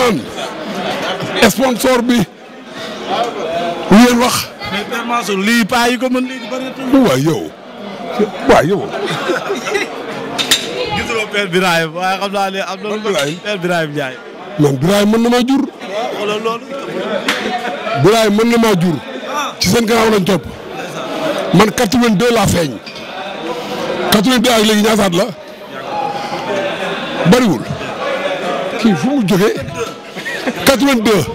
Ousmane sponsor bi lu ngeen wax. mais Père Mansour lii paa yi ko mën léegi bëri waay yow waay yow. gisuloo Père Birahim waaye xam naa ne am na. man Birahim Père Birahim Ndiaye. man Birahim mën na maa jur. wala loolu. Birahim mën na maa jur. ci seen gannaaw lañ topp. man 82 laa feeñ. 82 ak léegi ñaataat la. bariwul kii fu mu jógee. 82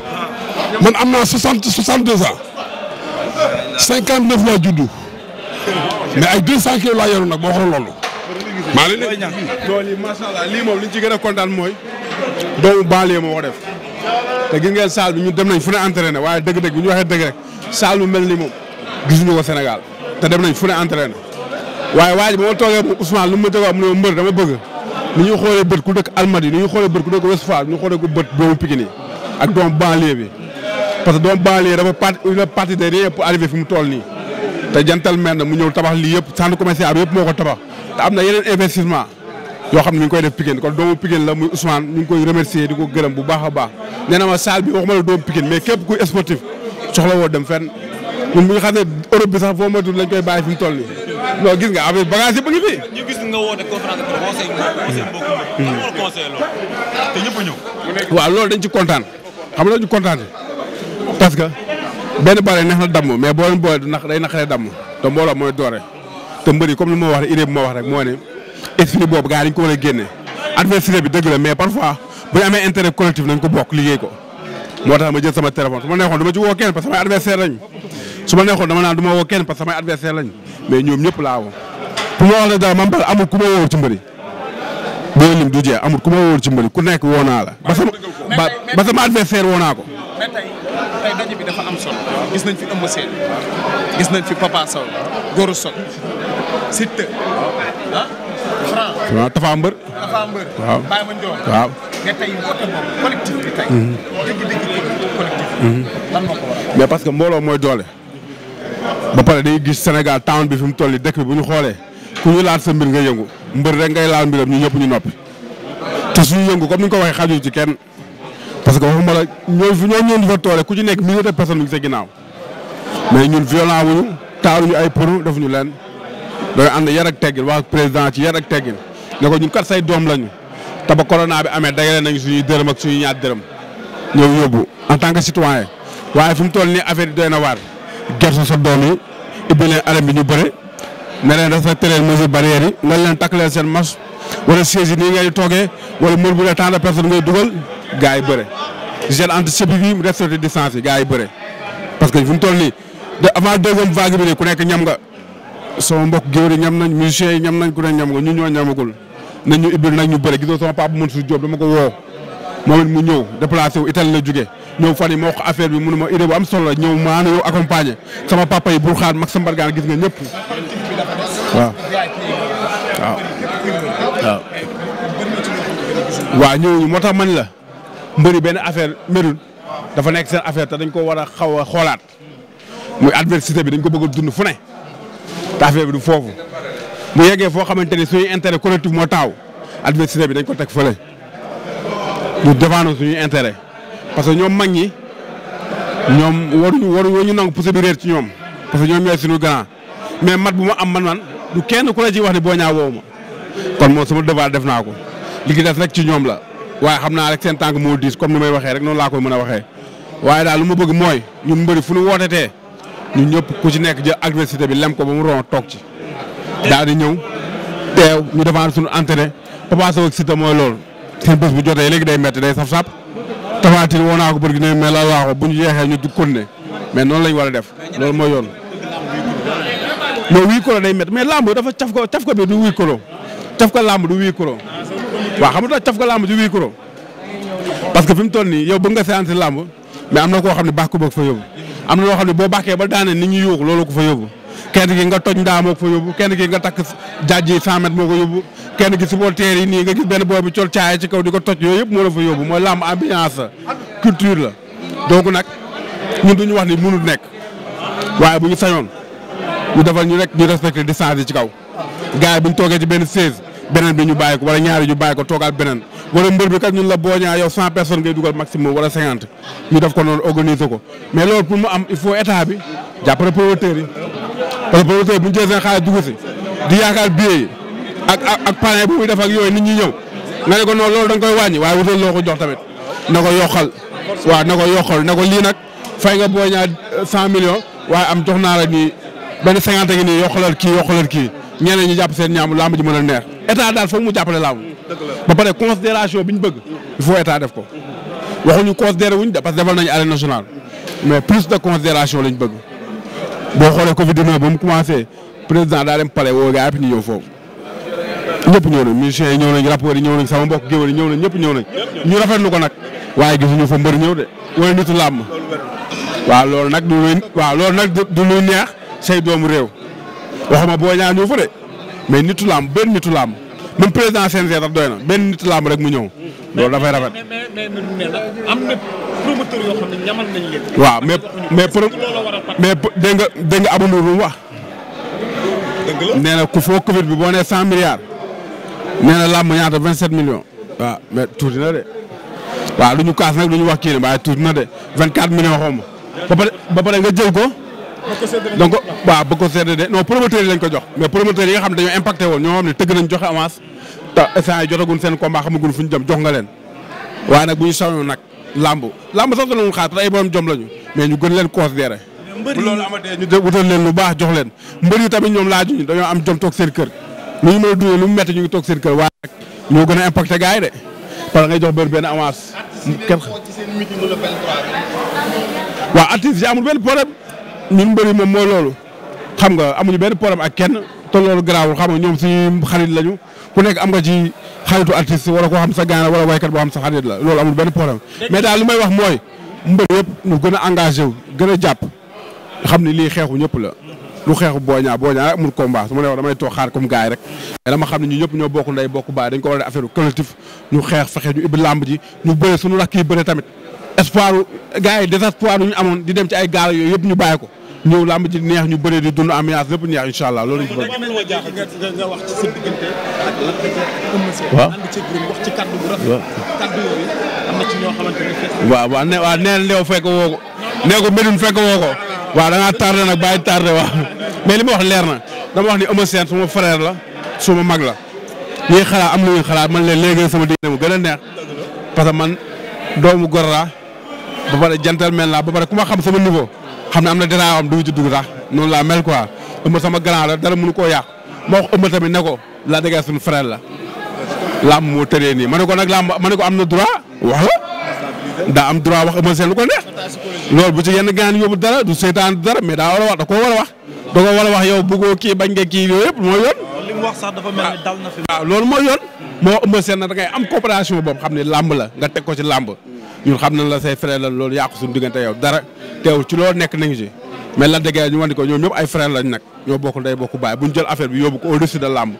man am naa 60 62 ans 59 laa juddu mais ay 200 kilos laa yoru nag boo xool loolu. maa leen di ñaan macha allah lii moom li ñu ci gën a kontaan mooy doomu banlieue moo ko def te gis ngeen salle ñu dem nañ fu ne entraîné waaye dëgg-dëgg bu ñu waxee dëgg rek salle bu mel ni moom gisuñu ko Sénégal te dem nañ fu ne entraîné waaye waa ji ba ma toogee moom Ousmane lu mu ma déggoo mu ne ma dama bëgg ni ñuy xoolee bët ku dëkk Almadies ni ñuy xoolee bët ku dëkk Ouest ak doom banlieue bi parce que doom banlieue dafa part une partie de rien pour arriver fi mu toll nii te gentleman mu ñëw tabax lii yëpp centre commercial bi yëpp moo ko tabax te am na yeneen investissement yoo xam ne ñu ngi koy def Pikine kon doomu Pikine la muy Ousmane ñu ngi koy remercier di ko gërëm bu baax a baax nee na saal salle bi waxuma la doomu Pikine mais képp kuy sportif soxla woo dem fen ñun bu ñu xam ne Europe bi sax foo matul lañ koy bàyyi fi mu toll nii non gis nga affaire bagage yëpp a ngi fi. ñu gis nga woote hmm. loolu dañ ci kontaan. xam nga dañu kontaan parce que benn bale neex na damm mais boo leen boolee du nax day naqaree damm te mbooloo mooy doore te mbëri comme li ma wax rek idée bi moo ne esprit ko war a bi dëgg la mais parfois bu ñu amee intérêt collectif nañ ko bokk liggéey ko moo tax ma jël sama téléphone su ma neexoon du ma ci woo kenn parce que samay adversaire lañ su ma neexoon dama naan du ma woo kenn parce que samay adversaire lañ mais ñoom ñëpp laa woo pour ma wax la dara man bal amul ku ma wóor ci mbëri boo lim du jeex ku ma ku nekk woo naa la ba ba sama adversaire woo naa ko. mais gis nañ fi Eumeu Sène gis ah, Mbër. Mhm. Mhm. mais parce que mbooloo mooy doole. ba pare dañuy gis Sénégal town bi fi mu toll nii dëkk bi bu ñu xoolee ku ñu laal sa mbir nga yëngu mbër rek ngay laal mbiram ñu ñëpp ñu noppi te suñu yëngu comme ni nga ko waxee xajul ci kenn. parce que waxuma la ñooñu ñoo ñëw ñu fa toole ku ci nekk milliers de personnes ñu sa ginnaaw mais ñun violent wuñu taaluñu ay pono defuñu leen dooy ànd yar ak teggin waa président ci yar ak teggin ne ko ñun kat say doom lañu te ba corona bi amee dagale nañ suñuy dërëm ak suñuy ñaar dërëm ñëw yóbbu en tant waaye fi toll nii affaire yi doy sa doom yi ubbi leen alam ñu bëre ne leen respecté leen mesures barrières nga leen takk leen seen masque wala siège yi nii ngay toogee wala mur bu ne tant de personnes ngay dugal gars yi bëre gel antiseptique bi mu respecté distance yi gars yi bëre parce que fu mu toll nii de avant deuxième vague bi ku nekk ñam nga sama mbokk géwél yi ñam nañ musiciens yi ñam nañ ku ne ñam nga ñu ñoo ñamagul nañ ñu ibbil nag ñu bëre gisoo sama papa Mansour ko woo moom it mu ñëw déplacé wu Italie la jóge ñëw fan yi ma wax bi mu ne ma idée bu am sama papa yi Bourkhane mag sa mbargaan gis nga ñëpp waaw waaw waaw ñëw ñu moo tax man la mbëri benn affaire merul dafa nekk seen affaire te dañ ko war a xaw a xoolaat muy adversité bi dañ ko bëgg a dund fu ne te affaire bi du foofu mu yeggee foo xamante ni suñu intérêt collectif moo taaw adversité bi dañ ko teg fële ñu défendre suñu intérêt parce que ñoom mag ñi ñoom waruñu waruñoo ñu nangu pousse bi réer ci ñoom parce que ñoom ñooy suñu grand mais mat bu mu am man man du kenn ku la ci wax ne boo ñaa woowu ma kon moom sama devoir def naa ko li ki des rek ci ñoom la. waaye xam naa rek seen tànk moo diis comme ni may waxee rek noonu laa koy mën a waxee waaye daal lu ma bëgg mooy ñun mbëri fu ñu wootetee ñun ñëpp ku ci nekk jël adversité bi lem ko ba mu ron toog ci daal di ñëw teew ñu defaan sunu entene Papa Sow ak Siteu mooy lool seen bés bu jotee léegi day métti day saf-sap tafaatin woo naa ko bëri ne mais la waaxo bu ñu jeexee ñu continuer mais noonu la war a def loolu mooy yoon mais huis clos day métti mais lamb dafa caf ko caf ko bi du huis clos caf ko lamb du huis clos waaw xam nga taf nga làmb ji wii kuro parce que fi mu toll nii yow bëgg nga séance làmb mais am na koo xam ne baax ko bëgg fa yóbbu am na loo xam ne boo bàkkee ba daanee ni ñu yuux loolu ko fa yóbbu kenn ki nga toj ndaa moo ko fa yóbbu kenn ki nga takk jajji cent mètres moo kenn ki supporter yi nii nga gis benn booy bu col caaya ci kaw di ko toj yooyu yëpp moo la fa yóbbu mooy làmb ambiance culture la donc nag ñun duñu wax ni mënul nekk waaye bu ñu sañoon ñu defal ñu rek ñu respecté distance yi ci kaw ga bu ñu toogee ci benn 16 beneen bi ñu bàyyi ko wala ñaari ñu bàyyi ko toogaat beneen wala mbër bi kat la booñaa yow cent personnes ngay dugal maximum wala cinquante ñu def ko noonu organiser ko mais loolu pour mu am il faut état bi jàppale promoteur yi parce que promoteur bu ñu jëlee seen xaalis dugg yaakaar billet yi bu def ak yooyu nit ñi ñëw nga ne ko noonu loolu da nga koy wàññi waaye wutal loo ko jox tamit na ko yokkal waaw na ko yokkal na ko lii nag fay nga booñaa cent millions waaye am jox naa la nii benn cinquante gi nii yokkalal kii yokkalal kii ñeneen ñi jàpp seen mën a neex état daal foog mu jàppale laamu. ba pare considération bi ñu bëgg. il faut état def ko. waxuñu considéré wuñ parce que defal nañu arène nationale. mais plus de considération lañ bëgg. boo xoolee Covid 19 ba mu commencé président daa dem palais woo gaa yëpp ñu ñëw foofu. ñëpp ñëw nañ musiciens yi ñëw nañ rappeurs yi ñëw nañ sama mbokk géwél yi ñëw nañ ñëpp ñëw nañ ñu rafetlu ko nag waaye gisuñu fa mbër ñëw de wala nitu làmm waaw loolu nag du luy waaw loolu nag du luy neex say doomu réew mais nitu laam benn nitu laam même président CNG tax doy na benn nitu laam rek mu ñëw. loolu dafay rafet mais mais mais am na promoteur yoo xam ne ñamal ku foo Covid bi boo nee cent milliards. nee na làmb ñaata vingt sept millions. waaw mais tuuti de. waaw lu ñu kaas nag lu ñu wax kii ne de vingt quatre millions xaw ba pare ba pare nga jël ko. donc waaw bëgg ko seede de non promoteurs yi lañ ko jox mais promoteurs yi nga xam ne dañoo impacté woon ñoo xam ne tëgg nañ joxe avance te instant yi jotagun seen combat xamagun fu ñu jëm jox nga leen waaye nag bu ñu sañoon nag lamb lamb sax danañ xaar te ay borom jom lañu mais ñu gën leen considéré bu loolu amatee ñu wutal leen lu baax jox leen mbër yi tamit ñoom laajuñu dañoo am jom toog seen kër lu ñu mën a dundee lu mu metti ñu ngi toog seen kër waaye nag ñoo gën a impacté gars yi de parce que ngay jox bër benn avance kenn waaw artiste yi amul benn problème ñun mbëri moom mooy loolu xam nga amuñu benn problème ak kenn te loolu garaawul xam nga ñoom suñu xarit lañu ku nekk am nga ci xaritu artiste wala koo xam sa a wala waykat boo xam sa xarit la loolu amul benn problème mais daal li may wax mooy mbër yëpp ñu gën a engagé wu gën a jàpp xam ni lii xeexu ñëpp la lu xeexu booñaa booñaa rek amul combat su ma ne wax damay toog xaar comme gars yi rek dama xam ne ñu ñëpp ñoo bokk ndey bokk baay dañ ko war a affaire collectif ñu xeex fexe ñu ibbi làmb ji ñu bëre suñu rakk tamit espoir gars yi désespoir ñu amoon di dem ci ay gaal yooyu yëpp ñu bàyyi ko ñëw làmb ji neex ñu bëree di dund ambiance lépp neex incha allah loolu lañ ci bëgg. nga wax ci sa ne. waaw waaw ne ko nee fekk woo ko waaw da ngaa tardé nag bàyyi tardé waaw mais li ma wax leer na dama wax ni Eumeu seen suma frère la suma mag la ñuy xalaat am nañu xalaat man leen léegi sama diggante mu gën a neex parce que man doomu gor laa ba pare jantal laa ba pare ku xam sama niveau xam ne am na grand am du ci dugg tax noonu laa mel ko ëmb sama grand la dara mënu koo yàq ma wax ëmb tamit ne ko laa déggee suñu frère la. làmb moo tëree nii ma ne ko nag làmb ma ne ko am na droit wax la daa am droit wax ëmb seen lu ko neex loolu bu ci yenn gaan yóbbu dara du seetaan du dara mais daa war a wax da koo war wax. da koo war wax yow bëggoo kii bañ nga kii yooyu yëpp mooy yoon. li mu wax sax dafa mel ni dal na fi. Ah, waaw loolu mooy yoon. moo ëmb am coopération boobu xam ne làmb la nga teg ko ci làmb. ñun xam nañ la say frère la loolu yàqu suñu diggante yow dara teewul ci loolu nekk nañu si mais Lac ñu wandi ko ñoom ñëpp ay frère lañ nag ñoo bokk day bokk baay bu ñu jël affaire bi yóbbu ko au-dessus de làmb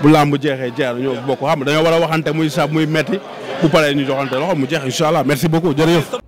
bu làmb jeexee jeex ñoo bokk xam dañoo war a waxante muy sab muy metti bu paree ñu joxante loxo mu jeex incha allah merci beaucoup jërëjëf